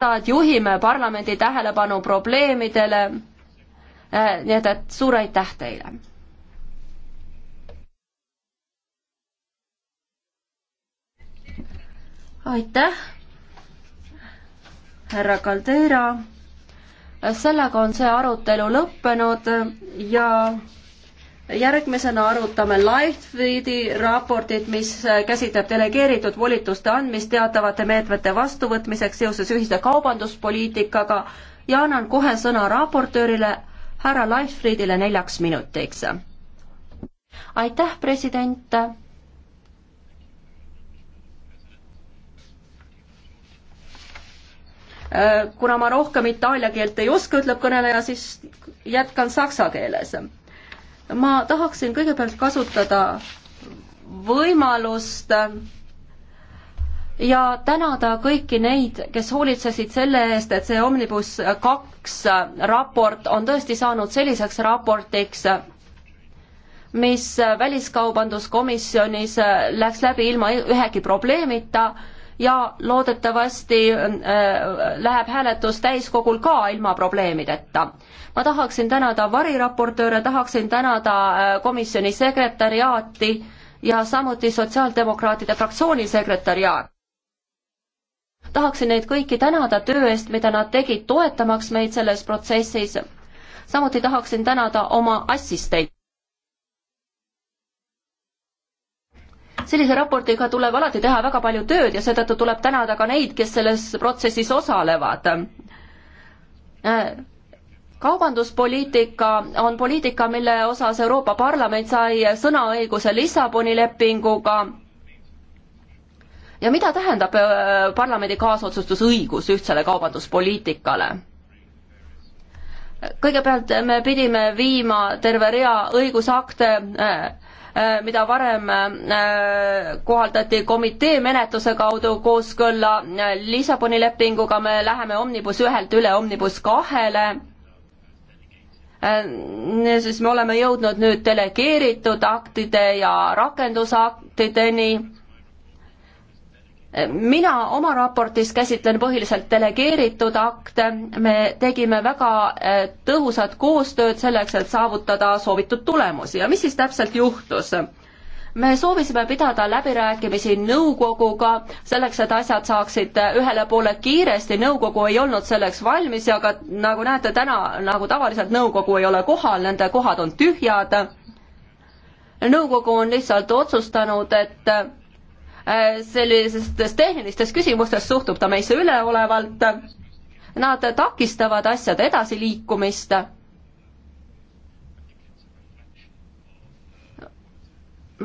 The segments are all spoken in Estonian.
seda, et juhime parlamendi tähelepanu probleemidele. Eh, nii et, et suur aitäh teile. aitäh, härra Caldeira. sellega on see arutelu lõppenud ja järgmisena arutame Lightfeedi raportit, mis käsitleb delegeeritud volituste andmist teatavate meetmete vastuvõtmiseks seoses ühise kaubanduspoliitikaga ja annan kohe sõna raportöörile härra Lightfriedile neljaks minutiks. aitäh, president. Äh, kuna ma rohkem itaalia keelt ei oska, ütleb kõneleja, siis jätkan saksa keeles ma tahaksin kõigepealt kasutada võimalust ja tänada kõiki neid, kes hoolitsesid selle eest, et see Omnibus kaks raport on tõesti saanud selliseks raportiks, mis Väliskaubanduskomisjonis läks läbi ilma ühegi probleemita ja loodetavasti äh, läheb hääletus täiskogul ka ilma probleemideta ma tahaksin tänada variraportööre, tahaksin tänada äh, komisjoni sekretäriaati ja samuti Sotsiaaldemokraatide fraktsiooni sekretäriaat. tahaksin neid kõiki tänada töö eest, mida nad tegid, toetamaks meid selles protsessis. samuti tahaksin tänada oma assistente. sellise raportiga tuleb alati teha väga palju tööd ja seetõttu tuleb tänada ka neid, kes selles protsessis osalevad äh, kaubanduspoliitika on poliitika, mille osas Euroopa Parlament sai sõnaõiguse Lissaboni lepinguga. ja mida tähendab äh, parlamendi kaasotsustusõigus ühtsele kaubanduspoliitikale? kõigepealt me pidime viima terve rea õigusakte äh, äh, mida varem kohaldati komitee menetluse kaudu kooskõlla Lissaboni lepinguga, me läheme Omnibus ühelt üle Omnibus kahele Äh, siis me oleme jõudnud nüüd delegeeritud aktide ja rakendusaktideni mina oma raportis käsitlen põhiliselt delegeeritud akte, me tegime väga äh, tõhusat koostööd selleks, et saavutada soovitud tulemusi ja mis siis täpselt juhtus? me soovisime pidada läbirääkimisi nõukoguga, selleks et asjad saaksid ühele poole kiiresti, nõukogu ei olnud selleks valmis ja ka nagu näete täna, nagu tavaliselt nõukogu ei ole kohal, nende kohad on tühjad. nõukogu on lihtsalt otsustanud, et eh, sellistes tehnilistes küsimustes suhtub ta meisse üleolevalt. Nad takistavad asjade edasiliikumist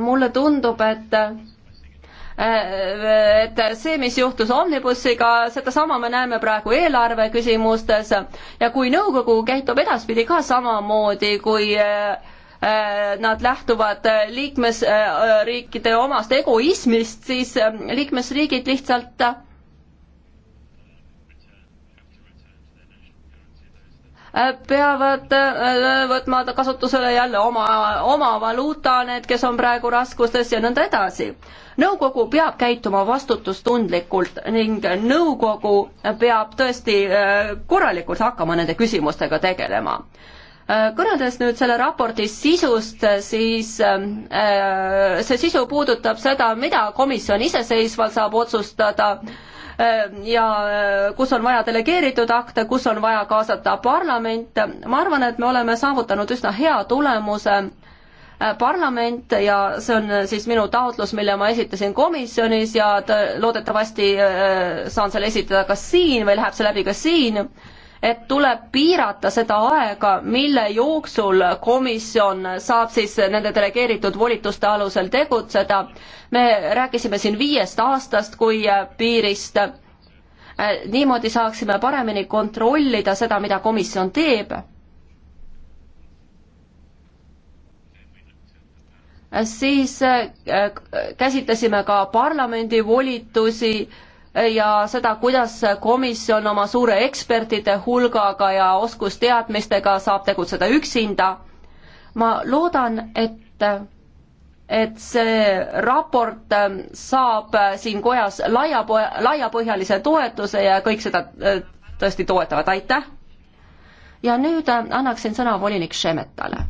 mulle tundub, et et see, mis juhtus Omnibussiga, sedasama me näeme praegu eelarve küsimustes ja kui nõukogu käitub edaspidi ka samamoodi, kui eh, nad lähtuvad liikmesriikide eh, omast egoismist, siis eh, liikmesriigid lihtsalt peavad äh, võtma kasutusele jälle oma, oma valuuta, need, kes on praegu raskustes ja nõnda edasi. nõukogu peab käituma vastutustundlikult ning nõukogu peab tõesti äh, korralikult hakkama nende küsimustega tegelema. Äh, kõneldes nüüd selle raporti sisust, siis see sisu puudutab seda, mida komisjon iseseisvalt saab otsustada Äh, ja äh, kus on vaja delegeeritud akte, kus on vaja kaasata parlament. ma arvan, et me oleme saavutanud üsna hea tulemuse äh, parlament ja see on siis minu taotlus, mille ma esitasin komisjonis ja loodetavasti saan selle esitada ka siin või läheb see läbi ka siin et tuleb piirata seda aega, mille jooksul komisjon saab siis nende delegeeritud volituste alusel tegutseda. me rääkisime siin viiest aastast kui piirist. niimoodi saaksime paremini kontrollida seda, mida komisjon teeb siis äh, käsitlesime ka parlamendi volitusi ja seda, kuidas komisjon oma suure ekspertide hulgaga ja oskusteadmistega saab tegutseda üksinda. ma loodan, et, et see raport saab siin kojas laia, laiapõhjalise toetuse ja kõik seda äh, tõesti toetavad, aitäh! ja nüüd äh, annaksin sõna volinik Šemetale.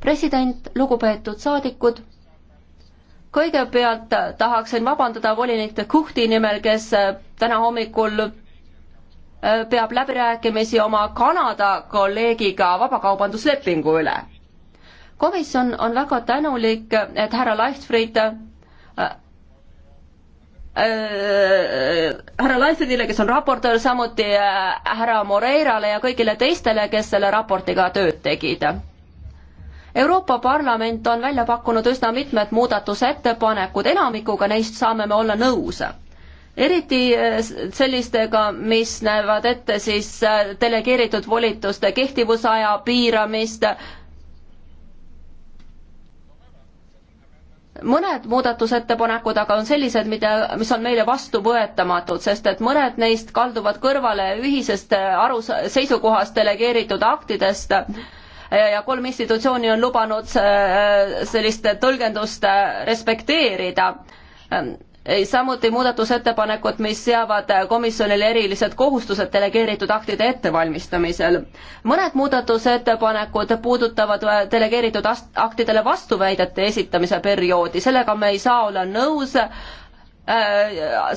president, lugupeetud saadikud kõigepealt tahaksin vabandada volinik de Kuhti nimel, kes äh, täna hommikul äh, peab läbirääkimisi oma Kanada kolleegiga vabakaubanduslepingu üle. komisjon on väga tänulik, et härra Leichtfried äh, äh, härra Leichtfriedile, kes on raportöör, samuti äh, härra Moreirale ja kõigile teistele, kes selle raportiga tööd tegid Euroopa Parlament on välja pakkunud üsna mitmed muudatusettepanekud, enamikuga neist saame me olla nõus. eriti eh, sellistega, mis näevad ette siis eh, delegeeritud volituste kehtivusaja piiramist, mõned muudatusettepanekud aga on sellised, mida, mis on meile vastuvõetamatud, sest et mõned neist kalduvad kõrvale ühisest eh, arus-, seisukohast delegeeritud aktidest äh, ja kolm institutsiooni on lubanud äh, sellist tõlgendust äh, respekteerida ähm, samuti muudatusettepanekud, mis seavad komisjonile erilised kohustused delegeeritud aktide ettevalmistamisel. mõned muudatusettepanekud puudutavad äh, delegeeritud aktidele vastuväidete esitamise perioodi, sellega me ei saa olla nõus,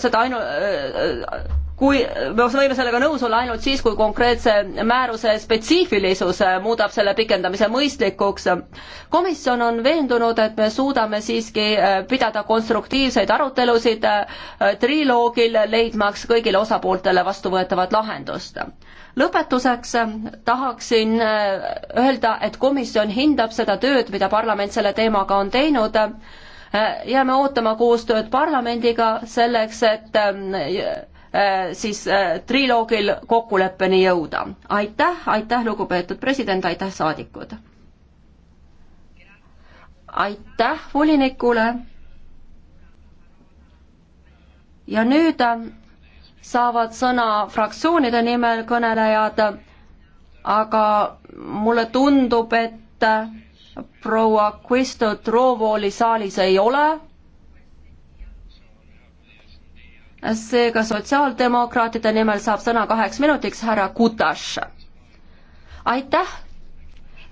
seda ainu-, kui me võime sellega nõus olla ainult siis, kui konkreetse määruse spetsiifilisus muudab selle pikendamise mõistlikuks. komisjon on veendunud, et me suudame siiski äh, pidada konstruktiivseid arutelusid äh, triloogil, leidmaks kõigile osapooltele vastuvõetavat lahendust. lõpetuseks äh, tahaksin öelda, et komisjon hindab seda tööd, mida parlament selle teemaga on teinud jääme ootama koostööd parlamendiga selleks, et Äh, siis äh, triloogil kokkuleppeni jõuda. aitäh, aitäh, lugupeetud president, aitäh, saadikud! aitäh volinikule! ja nüüd äh, saavad sõna fraktsioonide nimel kõnelejad, aga mulle tundub, et proua Kristo Troovooli saalis ei ole seega sotsiaaldemokraatide nimel saab sõna kaheks minutiks härra Kutaš. aitäh,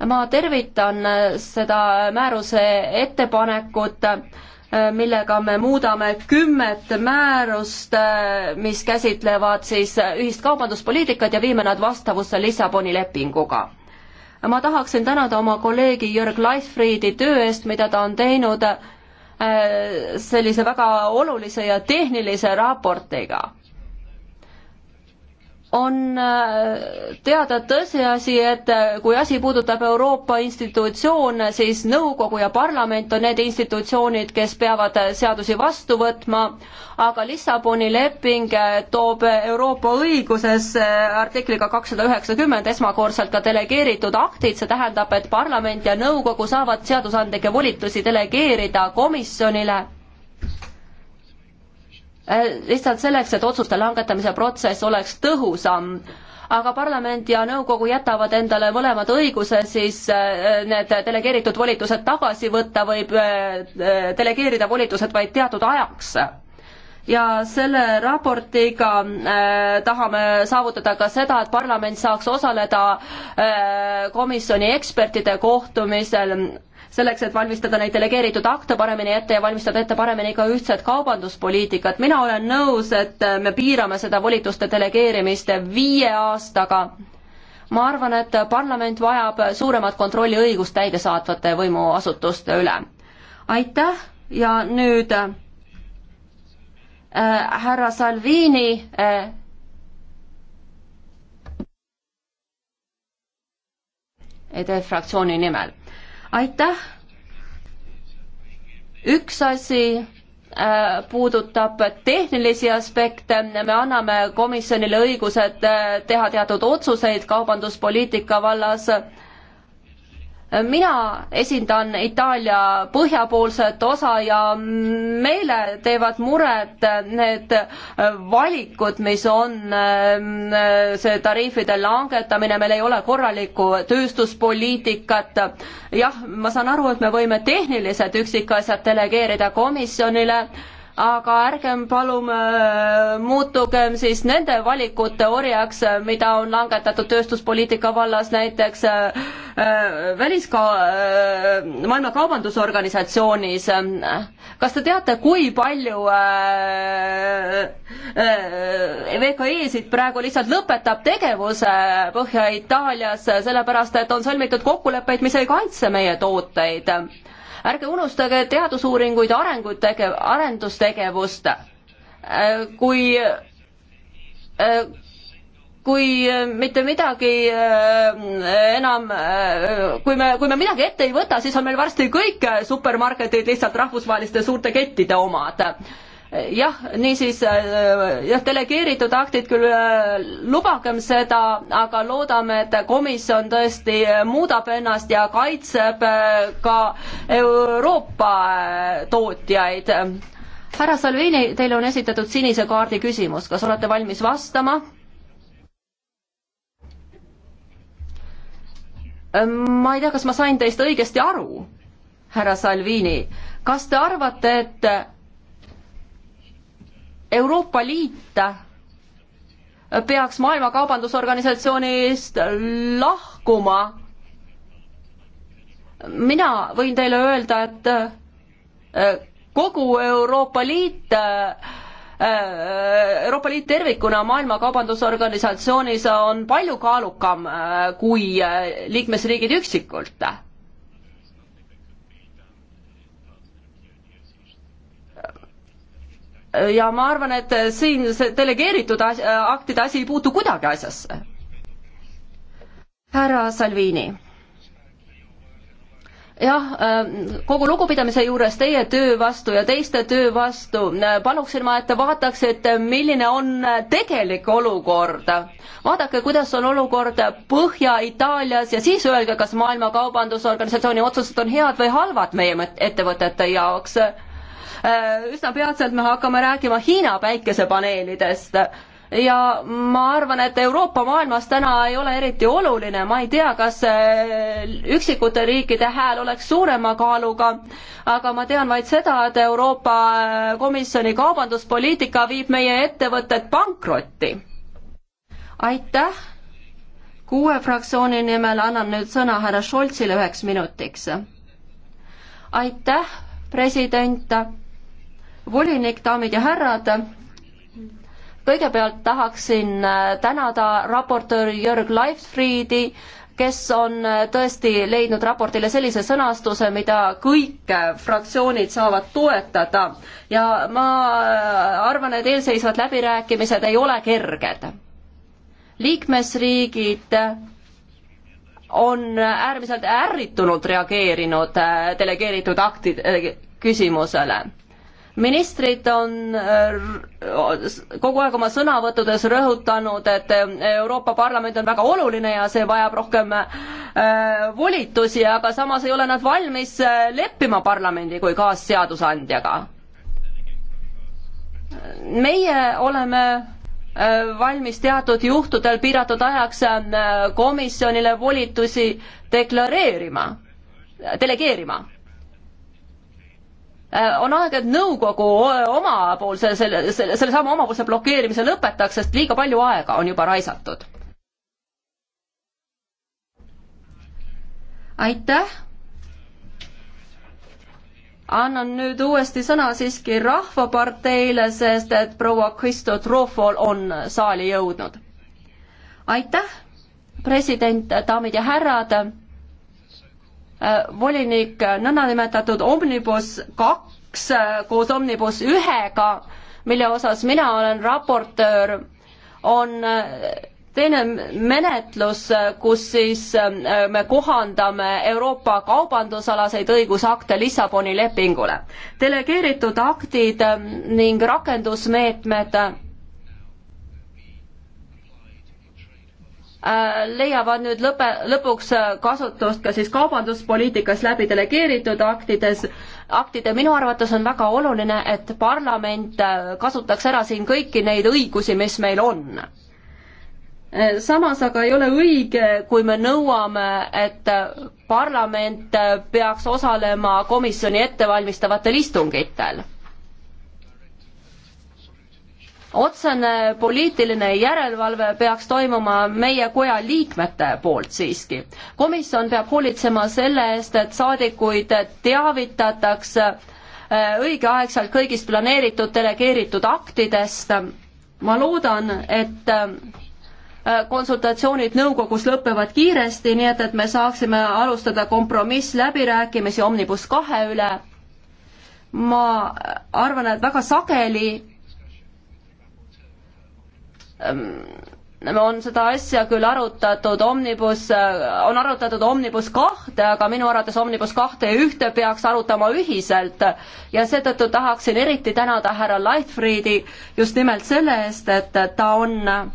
ma tervitan seda määruse ettepanekut, millega me muudame kümmet määrust, mis käsitlevad siis ühist kaubanduspoliitikat ja viime nad vastavusse Lissaboni lepinguga ma tahaksin tänada oma kolleegi Jörg Leifriedi töö eest, mida ta on teinud äh, Äh, sellise väga olulise ja tehnilise raportiga on äh, teada tõsiasi, et äh, kui asi puudutab Euroopa institutsioone, siis nõukogu ja parlament on need institutsioonid, kes peavad äh, seadusi vastu võtma, aga Lissaboni leping toob Euroopa õiguses artikliga kakssada üheksakümmend esmakordselt ka delegeeritud aktid, see tähendab, et parlament ja nõukogu saavad seadusandlikke volitusi delegeerida komisjonile Äh, lihtsalt selleks, et otsuste langetamise protsess oleks tõhusam aga parlament ja nõukogu jätavad endale mõlemad õiguse siis äh, need delegeeritud volitused tagasi võtta, võib äh, delegeerida volitused vaid teatud ajaks. ja selle raportiga äh, tahame saavutada ka seda, et parlament saaks osaleda äh, komisjoni ekspertide kohtumisel selleks, et valmistada neid delegeeritud akte paremini ette ja valmistada ette paremini ka ühtset kaubanduspoliitikat. mina olen nõus, et me piirame seda volituste delegeerimist viie aastaga. ma arvan, et parlament vajab suuremat kontrolli õigust täidesaatvate võimuasutuste üle. aitäh ja nüüd äh, härra Salvini äh, EDF fraktsiooni nimel aitäh. üks asi äh, puudutab tehnilisi aspekte, me anname komisjonile õigused äh, teha teatud otsuseid kaubanduspoliitika vallas mina esindan Itaalia põhjapoolset osa ja meile teevad muret need valikud, mis on ähm, see tariifide langetamine, meil ei ole korralikku tööstuspoliitikat. jah, ma saan aru, et me võime tehnilised üksikasjad delegeerida komisjonile aga ärgem palum äh, muutugem siis nende valikute orjaks, äh, mida on langetatud tööstuspoliitika vallas näiteks äh, väliska-, Maailma Kaubandusorganisatsioonis. kas te teate, kui palju VKE-sid praegu lihtsalt lõpetab tegevuse Põhja-Itaalias, sellepärast et on sõlmitud kokkuleppeid, mis ei kaitse meie tooteid? ärge unustage teadusuuringuid, arengut, arendustegevust. Äh, kui, äh, kui mitte midagi äh, enam, kui me, kui me midagi ette ei võta, siis on meil varsti kõik supermarketid lihtsalt rahvusvaheliste suurte kettide omad jah, niisiis äh, jah, delegeeritud aktid küll, äh, lubagem seda, aga loodame, et komisjon tõesti äh, muudab ennast ja kaitseb ka Euroopa tootjaid. härra Salvini, teile on esitatud sinise kaardi küsimus, kas olete valmis vastama? Ähm, ma ei tea, kas ma sain teist õigesti aru, härra Salvini, kas te arvate, et Euroopa Liit peaks Maailma Kaubandusorganisatsiooni eest lahkuma. mina võin teile öelda, et äh, kogu Euroopa Liit äh, Euroopa Liit tervikuna Maailma Kaubandusorganisatsioonis on palju kaalukam äh, kui liikmesriigid üksikult ja ma arvan, et siin see delegeeritud as-, aktide asi ei puutu kuidagi asjasse. härra Salvini jah, kogu lugupidamise juures teie töö vastu ja teiste töö vastu paluksin ma, et te vaataksite, milline on tegelik olukord. vaadake, kuidas on olukord Põhja-Itaalias ja siis öelge, kas Maailma Kaubandusorganisatsiooni otsused on head või halvad meie ettevõtete jaoks Äh, üsna peatselt me hakkame rääkima Hiina päikesepaneelidest ja ma arvan, et Euroopa maailmas täna ei ole eriti oluline, ma ei tea, kas äh, üksikute riikide hääl oleks suurema kaaluga, aga ma tean vaid seda, et Euroopa äh, Komisjoni kaubanduspoliitika viib meie ettevõtted pankrotti. aitäh, kuue fraktsiooni nimel annan nüüd sõna härra Scholzile üheks minutiks. aitäh, president volinik, daamid ja härrad, kõigepealt tahaksin äh, tänada raportöör Jörg Leifriedi, kes on äh, tõesti leidnud raportile sellise sõnastuse, mida kõik äh, fraktsioonid saavad toetada ja ma arvan, et eelseisvad läbirääkimised ei ole kerged. liikmesriigid on äärmiselt ärritunult reageerinud delegeeritud akti küsimusele ministrid on äh, kogu aeg oma sõnavõttudes rõhutanud, et äh, Euroopa Parlament on väga oluline ja see vajab rohkem äh, volitusi, aga samas ei ole nad valmis leppima parlamendi kui kaasseadusandjaga. meie oleme valmis teatud juhtudel piiratud ajaks komisjonile volitusi deklareerima, delegeerima Äh, on aeg, et nõukogu omapoolse, selle, selle, sellesama omapoolse blokeerimise lõpetaks, sest liiga palju aega on juba raisatud. aitäh. annan nüüd uuesti sõna siiski Rahvaparteile, sest et proua Kristo Trofol on saali jõudnud. aitäh, president, daamid ja härrad Äh, volinik äh, nõndanimetatud Omnibus kaks äh, koos Omnibus ühega, mille osas mina olen raportöör, on teine menetlus, kus siis me kohandame Euroopa kaubandusalaseid õigusakte Lissaboni lepingule. delegeeritud aktid ning rakendusmeetmed Äh, leiavad nüüd lõpe, lõpuks äh, kasutust ka siis kaubanduspoliitikas läbi delegeeritud aktides, aktide, minu arvates on väga oluline, et parlament äh, kasutaks ära siin kõiki neid õigusi, mis meil on. samas aga ei ole õige, kui me nõuame, et parlament peaks osalema komisjoni ettevalmistavatel istungitel otsene poliitiline järelevalve peaks toimuma meie koja liikmete poolt siiski. komisjon peab hoolitsema selle eest, et saadikuid teavitatakse äh, õigeaegselt kõigist planeeritud delegeeritud aktidest. ma loodan, et äh, konsultatsioonid nõukogus lõpevad kiiresti, nii et, et me saaksime alustada kompromissläbirääkimisi Omnibus kahe üle. ma arvan, et väga sageli Ehm, on seda asja küll arutatud Omnibus, äh, on arutatud Omnibus kahte, aga minu arvates Omnibus kahte ja ühte peaks arutama ühiselt ja seetõttu tahaksin eriti tänada härra Leitfriedi just nimelt selle eest, et ta on äh,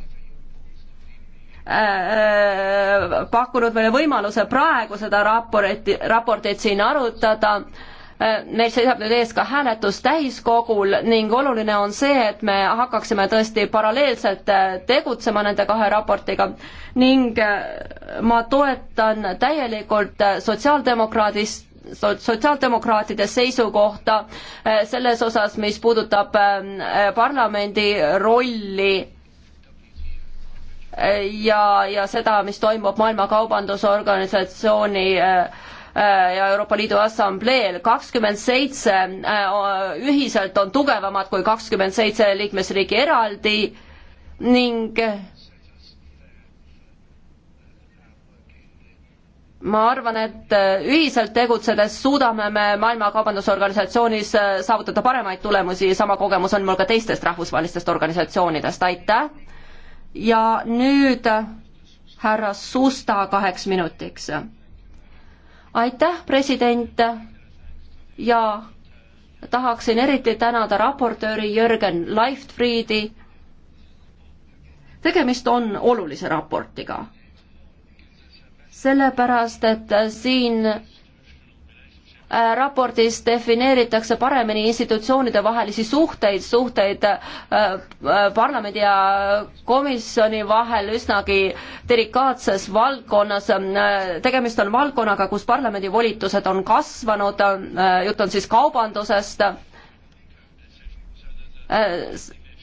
äh, pakkunud meile võimaluse praegu seda raportit, raportit siin arutada Äh, meil seisab nüüd ees ka hääletus täiskogul ning oluline on see, et me hakkaksime tõesti paralleelselt äh, tegutsema nende kahe raportiga ning äh, ma toetan täielikult sotsiaaldemokraadist sotsiaaldemokraatide seisukohta selles osas, mis puudutab parlamendi rolli ja, ja seda, mis toimub Maailma Kaubandusorganisatsiooni äh, Äh, ja Euroopa Liidu Assambleel, kakskümmend seitse äh, ühiselt on tugevamad kui kakskümmend seitse liikmesriiki eraldi ning ma arvan, et äh, ühiselt tegutsedes suudame me Maailma Kaubandusorganisatsioonis saavutada paremaid tulemusi ja sama kogemus on mul ka teistest rahvusvahelistest organisatsioonidest, aitäh. ja nüüd härra Susta kaheks minutiks aitäh, president ja tahaksin eriti tänada raportööri Jürgen Leichtfriedi. tegemist on olulise raportiga, sellepärast et siin Äh, raportis defineeritakse paremini institutsioonide vahelisi suhteid, suhteid äh, äh, parlamendi ja komisjoni vahel üsnagi delikaatses valdkonnas. tegemist on valdkonnaga, kus parlamendi volitused on kasvanud, jutt on siis kaubandusest.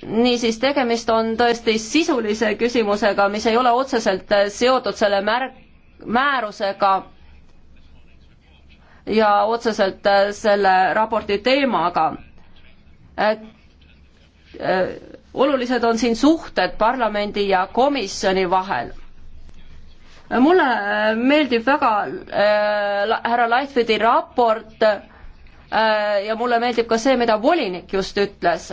niisiis, tegemist on tõesti sisulise küsimusega, mis ei ole otseselt seotud selle märk-, määrusega ja otseselt äh, selle raporti teemaga. Äh, olulised on siin suhted parlamendi ja komisjoni vahel. mulle äh, meeldib väga härra Lightfidi raport ja mulle meeldib ka see, mida volinik just ütles.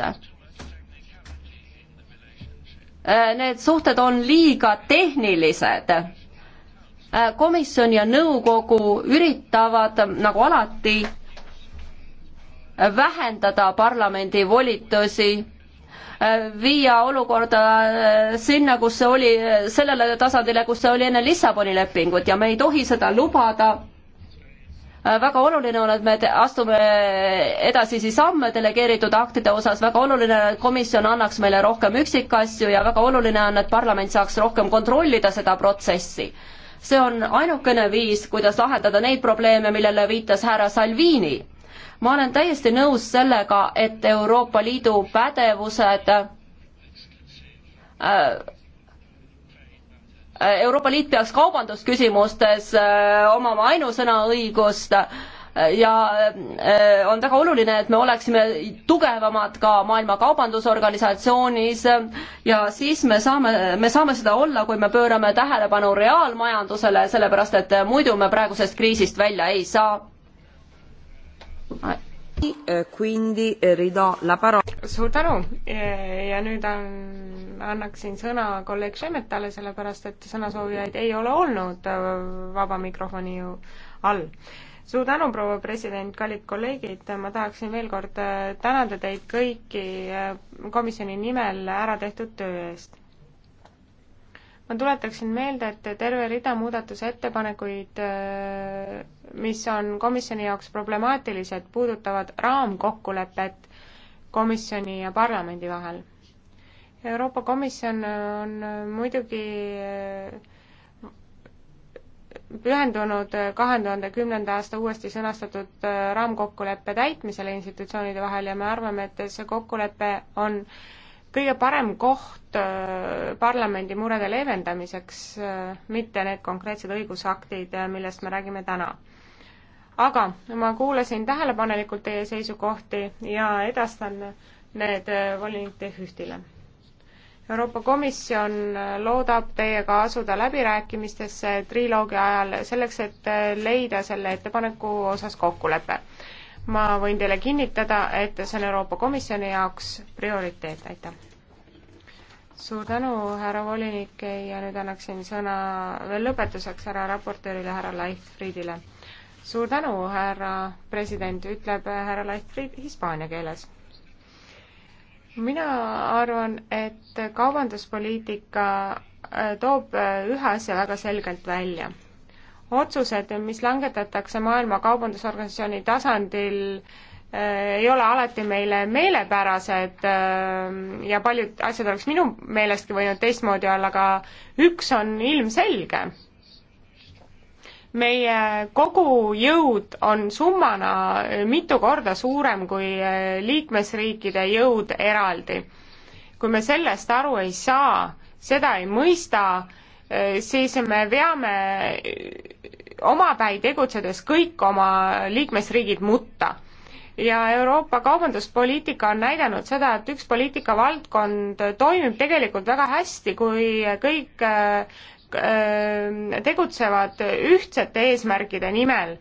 Need suhted on liiga tehnilised Äh, komisjon ja nõukogu üritavad nagu alati vähendada parlamendi volitusi, äh, viia olukorda äh, sinna, kus see oli, sellele tasandile, kus see oli enne Lissaboni lepingut ja me ei tohi seda lubada väga oluline on, et me astume edasisi samme delegeeritud aktide osas, väga oluline on, et komisjon annaks meile rohkem üksikasju ja väga oluline on, et parlament saaks rohkem kontrollida seda protsessi see on ainukene viis, kuidas lahendada neid probleeme, millele viitas härra Salvini. ma olen täiesti nõus sellega, et Euroopa Liidu pädevused äh, Euroopa Liit peaks kaubandusküsimustes äh, omama ainusõna õigust ja äh, on väga oluline, et me oleksime tugevamad ka Maailma Kaubandusorganisatsioonis ja siis me saame, me saame seda olla, kui me pöörame tähelepanu reaalmajandusele, sellepärast et muidu me praegusest kriisist välja ei saa. Quindi eh, ridò la parola. suur tänu eh, ja nüüd on, annaksin sõna kolleeg Šemetale, sellepärast et sõnasoovijaid ei ole olnud eh, vaba mikrofoni all suur tänu, proua president, kallid kolleegid, ma tahaksin veel kord äh, tänada teid kõiki äh, komisjoni nimel ära tehtud töö eest. ma tuletaksin meelde, et terve rida muudatusettepanekuid, äh, mis on komisjoni jaoks problemaatilised, puudutavad raamkokkulepet komisjoni ja parlamendi vahel. Euroopa Komisjon on muidugi pühendunud äh, kahe tuhande kümnenda aasta uuesti sõnastatud äh, raamkokkuleppe täitmisele institutsioonide vahel ja me arvame, et see kokkulepe on kõige parem koht äh, parlamendi murede leevendamiseks, mitte need konkreetsed õigusaktid, millest me räägime täna. aga ma kuulasin tähelepanelikult teie seisukohti ja edastan need volinik Tehüstile Euroopa Komisjon loodab teiega asuda läbirääkimistesse triloogi ajal selleks, et leida selle ettepaneku osas kokkulepe. ma võin teile kinnitada, et see on Euroopa Komisjoni jaoks prioriteet, aitäh! suur tänu, härra volinik, ja nüüd annaksin sõna veel lõpetuseks härra raportöörile, härra Leifridile. suur tänu, härra president, ütleb härra Leifrid hispaania keeles mina arvan, et kaubanduspoliitika äh, toob äh, ühe asja väga selgelt välja. otsused, mis langetatakse Maailma Kaubandusorganisatsiooni tasandil, äh, ei ole alati meile meelepärased ja paljud asjad oleks minu meelestki võinud teistmoodi olla, aga üks on ilmselge meie kogu jõud on summana mitu korda suurem kui eh, liikmesriikide jõud eraldi. kui me sellest aru ei saa, seda ei mõista, eh, siis me veame eh, omapäi tegutsedes kõik oma liikmesriigid mutta ja Euroopa kaubanduspoliitika on näidanud seda, et üks poliitikavaldkond toimib tegelikult väga hästi, kui kõik Äh, tegutsevad ühtsete eesmärkide nimel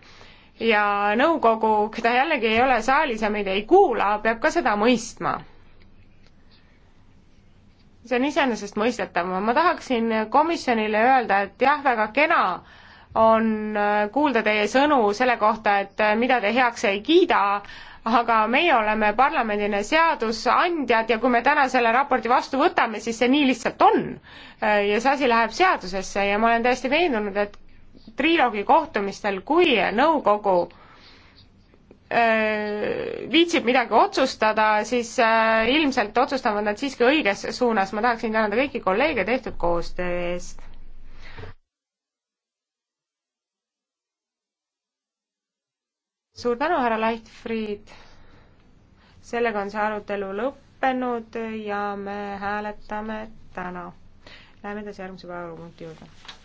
ja nõukogu, keda jällegi ei ole saalis ja meid ei kuula, peab ka seda mõistma. see on iseenesestmõistetav, ma tahaksin komisjonile öelda, et jah, väga kena on äh, kuulda teie sõnu selle kohta, et äh, mida te heaks ei kiida, aga meie oleme parlamendina seadusandjad ja kui me täna selle raporti vastu võtame, siis see nii lihtsalt on. ja see asi läheb seadusesse ja ma olen täiesti veendunud, et triloogi kohtumistel, kui nõukogu äh, viitsib midagi otsustada, siis äh, ilmselt otsustavad nad siiski õiges suunas. ma tahaksin tänada kõiki kolleege tehtud koostöö eest. suur tänu, härra Leichtfried. sellega on see arutelu lõppenud ja me hääletame täna. Läheme edasi järgmise päevakorrapunkti juurde.